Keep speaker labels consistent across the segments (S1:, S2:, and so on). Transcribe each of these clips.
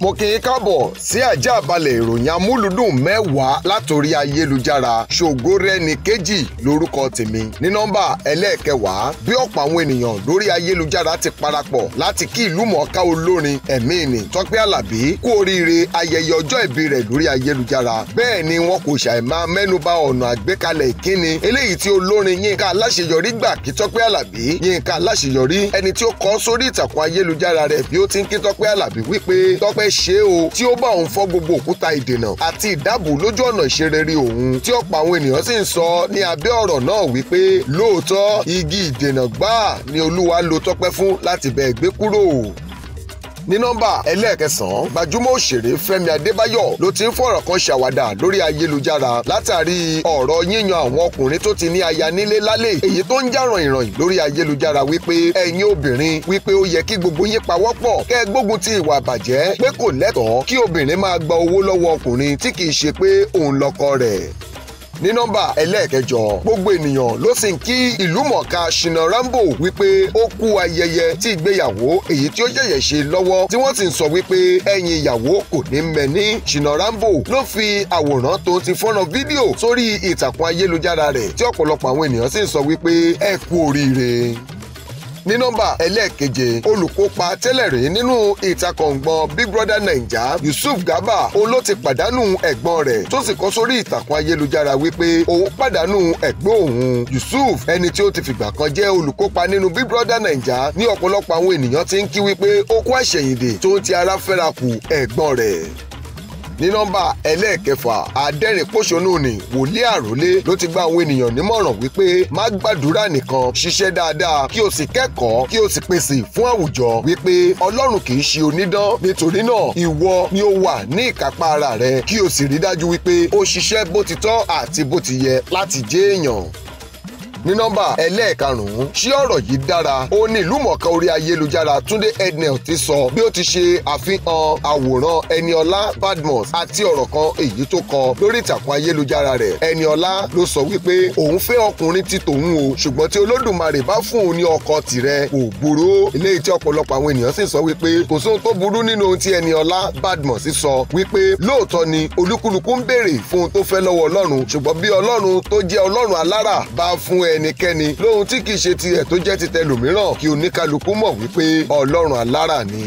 S1: mo kì í káàbọ̀ sí àjà àbálẹ̀ ìròyìn amúlùdùn mẹ́wàá látòrí ayélujára ṣògórẹ́ni kejì lórúkọ tèmi ní nọ́mbà ẹlẹ́ẹ̀kẹwàá bí ọ̀pọ̀ àwọn ènìyàn lórí ayélujára ti parapọ̀ láti kí ìlú mọ̀ọ́ká olórin ẹ̀mí ni tọ́pẹ́ àlàbí kú oríire ayẹyẹ ọjọ́ ìbí rẹ̀ lórí ayélujára bẹ́ẹ̀ ni wọn kò ṣàì máa mẹ́nuba ọ̀nà àgbékalẹ̀ ìkíni eléyìí tí olórin yínká aláṣeyọrí gbà kí tọ́pẹ́ àlàbí yínká aláṣeyọrí ẹni tí ó kọ sórí ìtàkùn ayélujára rẹ̀ bí ó ti fẹ́ ṣe é o tí ó bá òun fọ́ gbogbo òkúta ìdènà àti ìdáàbò lójú ọ̀nà ìṣerere òun tí ọ̀pọ̀ àwọn ènìyàn sì ń sọ ní abẹ́ ọ̀rọ̀ náà wípé lóòótọ́ igi ìdènà gbáà ni Olúwa lo Tọ́pẹ́ fún láti bẹ́ẹ̀ gbé kúrò ní nọ́mbà ẹlẹ́ẹ̀kẹsàn-án gbajúmọ̀ òṣèré Fẹ́mi Adébáyọ̀ ló ti ń fọ̀rọ̀ kan ṣàwàdà lórí ayélujára látàrí ọ̀rọ̀ yíyan àwọn ọkùnrin tó ti ní aya nílé lálẹ́ èyí tó ń já rànyìnrànyìn lórí ayélujára wípé ẹ̀yin obìnrin wípé ó yẹ kí gbogbo yín pawọ́pọ̀ kẹ́ ẹ gbógun ti ìwà àbàjẹ́ pé kò lẹ́tọ̀ọ́ kí obìnrin máa gba owó lọ́wọ́ ọkùnrin tí kì í ṣe pé òun lọ́kọ rẹ̀ ní nọ́mbà ẹlẹ́ẹ̀kẹjọ gbogbo ènìyàn ló sì ń kí ìlú mọ̀ọ́ká Shina Rambo wípé ó kú ayẹyẹ tí ìgbéyàwó èyí tí ó yẹ̀yẹ̀ ṣe lọ́wọ́ tí wọ́n sì ń sọ wípé ẹ̀yìn ìyàwó kò ní mẹ́ni Shina Rambo ló fi àwòrán tó ti fọ́nrán fídíò sórí ìtàkùn ayélujára rẹ̀ tí ọ̀pọ̀lọpọ̀ àwọn ènìyàn sì ń sọ wípé ẹ oríire ní nọ́mbà ẹlẹ́ẹ̀keje olùkópa tẹ́lẹ̀rí nínú ìtakọ̀ǹgbọ̀n Big Brother Naija Yusuf Gaba òun ló ti pàdánù ẹ̀gbọ́n rẹ̀ tó sì kọ́ sórí ìtàkùn ayélujára wípé òun pàdánù ẹ̀gbọ́n òun Yusuf ẹni tí ó ti fìgbà kan jẹ́ olùkópa nínú Big Brother Naija ní ọ̀pọ̀lọpọ̀ àwọn ènìyàn ti ń kí wípé ó kú àṣẹ̀yìndè tó ń ti ara fẹ́ra kù ẹ̀gbọ́n rẹ̀ ní nọ́mbà ẹlẹ́ẹ̀kẹfà adẹ́rìnpòṣónú ni wòlíì àròlé ló ti gba àwọn ènìyàn nímọ̀ràn wípé má gbàdúrà nìkan ṣiṣẹ́ dáadáa kí o sì kẹ́kọ̀ọ́ kí o sì pèsè fún àwùjọ wípé ọlọ́run kì í ṣe onídán nítorí náà ìwọ ni ó wà ní ìkápá ara rẹ kí o sì rí dájú wípé o ṣiṣẹ́ bó ti tọ́ àti bó ti yẹ láti jẹ́ èèyàn ní nọ́mbà ẹlẹ́ẹ̀karùn-ún ṣé ọ̀rọ̀ yìí dára ó ní ìlúmọ̀ọ́ká orí ayélujára Túndé Ednel ti sọ bí ó ti ṣe àfihàn àwòrán Ẹniọlá Badmus àti ọ̀rọ̀ kan èyí tó kọ lórí ìtàkùn ayélujára rẹ̀ Ẹniọlá ló sọ wípé òun fẹ́ ọkùnrin ti tòun o ṣùgbọ́n tí Olódùmarè bá fún òun ní ọkọ tirẹ̀ kò burú eléyìí tí ọ̀pọ̀lọpọ̀ àwọn ènìyàn sì sọ wípé kò sóhun tó burú nínú ohun tí Ẹniọlá Badmus sọ wípé lóòótọ́ ni olúkúlùkù ń béèrè fún ohun tó fẹ́ lọ́wọ́ Ọlọ́run ṣùgbọ́n bí Ọlọ́run tó jẹ́ Ọlọ́run alára bá fún ẹ ẹnikẹ́ni lóhun tí kìí ṣe tiẹ̀ tó jẹ́ titẹlòmíràn kí oníkálukú mọ̀ wípé ọlọ́run alára ni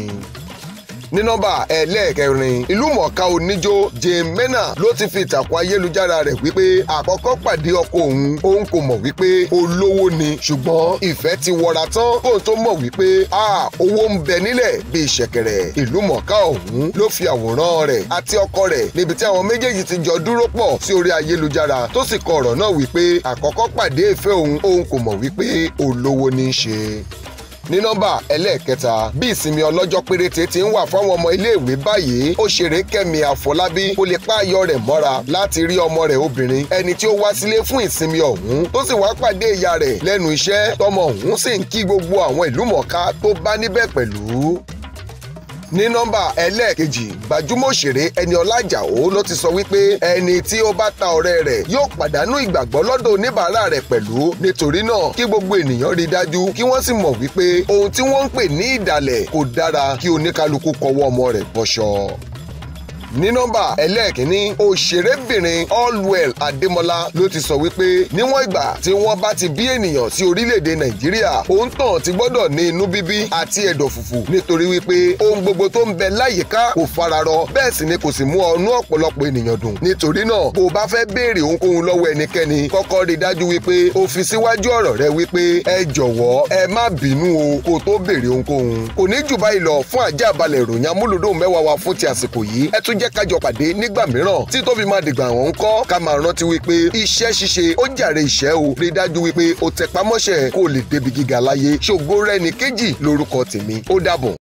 S1: ní nọ́mbà ẹlẹ́ẹ̀kẹrin ìlúmọ̀ọ́ká oníjó Jane Mena ló ti fi ìtàkùn ayélujára rẹ̀ wípé àkọ́kọ́ pàdé ọkọ òun òun kò mọ̀ wípé olówó ni ṣùgbọ́n ìfẹ́ ti wọra tán kóun tó mọ̀ wípé a owó ń bẹ nílẹ̀ bíi ṣẹ̀kẹ̀rẹ̀ ìlúmọ̀ọ́ká òun ló fi àwòrán rẹ̀ àti ọkọ rẹ̀ níbi tí àwọn méjèèjì ti jọ dúró pọ̀ sí orí ayélujára tó sì kọ ọ̀rọ̀ náà wípé àkọ́kọ́ pàdé ìfẹ́ òun òun kò mọ̀ wípé olówó ní í ṣe ní nọ́mbà ẹlẹ́ẹ̀kẹta bí ìsinmi ọlọ́jọ́ péréte ti ń wà fáwọn ọmọ iléèwé báyìí ó ṣeré kẹ́mi àfọlábí kó lè páàyọ rẹ̀ mọ́ra láti rí ọmọ rẹ̀ obìnrin ẹni tí ó wá sílé fún ìsinmi ọ̀hún tó sì wá pàdé ìyá rẹ̀ lẹ́nu iṣẹ́ tọmọ ọ̀hún sì ń kí gbogbo àwọn ìlú mọ̀ọ́ká tó bá níbẹ̀ pẹ̀lú ní nọ́mbà ẹlẹ́ẹ̀kejì gbajúmọ̀ òṣèré Ẹniọlá Àjàó ló ti sọ wípé ẹni tí ó bá ta ọ̀rẹ́ rẹ̀ yóò pàdánù ìgbàgbọ́ lọ́dọ̀ oníbàárà rẹ̀ pẹ̀lú nítorí náà kí gbogbo ènìyàn rí dájú kí wọ́n sì mọ̀ wípé ohun tí wọ́n ń pè ní ìdàlẹ̀ kò dára kí oníkálukú kọwọ́ ọmọ rẹ̀ bọṣọ ní nọ́mbà ẹlẹ́ẹ̀kínní òṣèrébìnrin allwell adémọlá ló ti sọ wípé níwọ̀n ìgbà tí wọ́n bá ti bí ènìyàn sí orílẹ̀-èdè nàìjíríà òun tàn ti gbọ́dọ̀ ní inú bíbí àti ẹ̀dọ̀ fùfù nítorí wípé ohun gbogbo tó ń bẹ láyìíká kò fararọ bẹ́ẹ̀ sì ni kò sì mú ọnú ọ̀pọ̀lọpọ̀ ènìyàn dùn nítorí náà bó bá fẹ́ béèrè ohunkóhun lọ́wọ́ ẹnikẹ́ni kọ́kọ́ rí dájú wípé o fi síwájú ọ̀rọ̀ rẹ wípé ẹ jọ̀wọ́ ẹ má bínú o kó tó béèrè ohunkóhun kò ní jù báyìí lọ fún àjẹ́ àbalẹ̀ ìròyìn amúlùdùn mẹ́wàá wa fún ti àsìkò yìí ẹ tún jẹ́ kájọ pàdé nígbà mìíràn tí tó fi máa dìgbà wọ́n kọ́ ká máa rántí wípé iṣẹ́ ṣíṣe ó jàre ìṣẹ́ o rí dájú wípé o tẹpámọ́ṣẹ́ kó o lè débi gíga láyé ṣògo rẹ̀ ní kéjì lórúkọ tèmi ó dàbọ̀.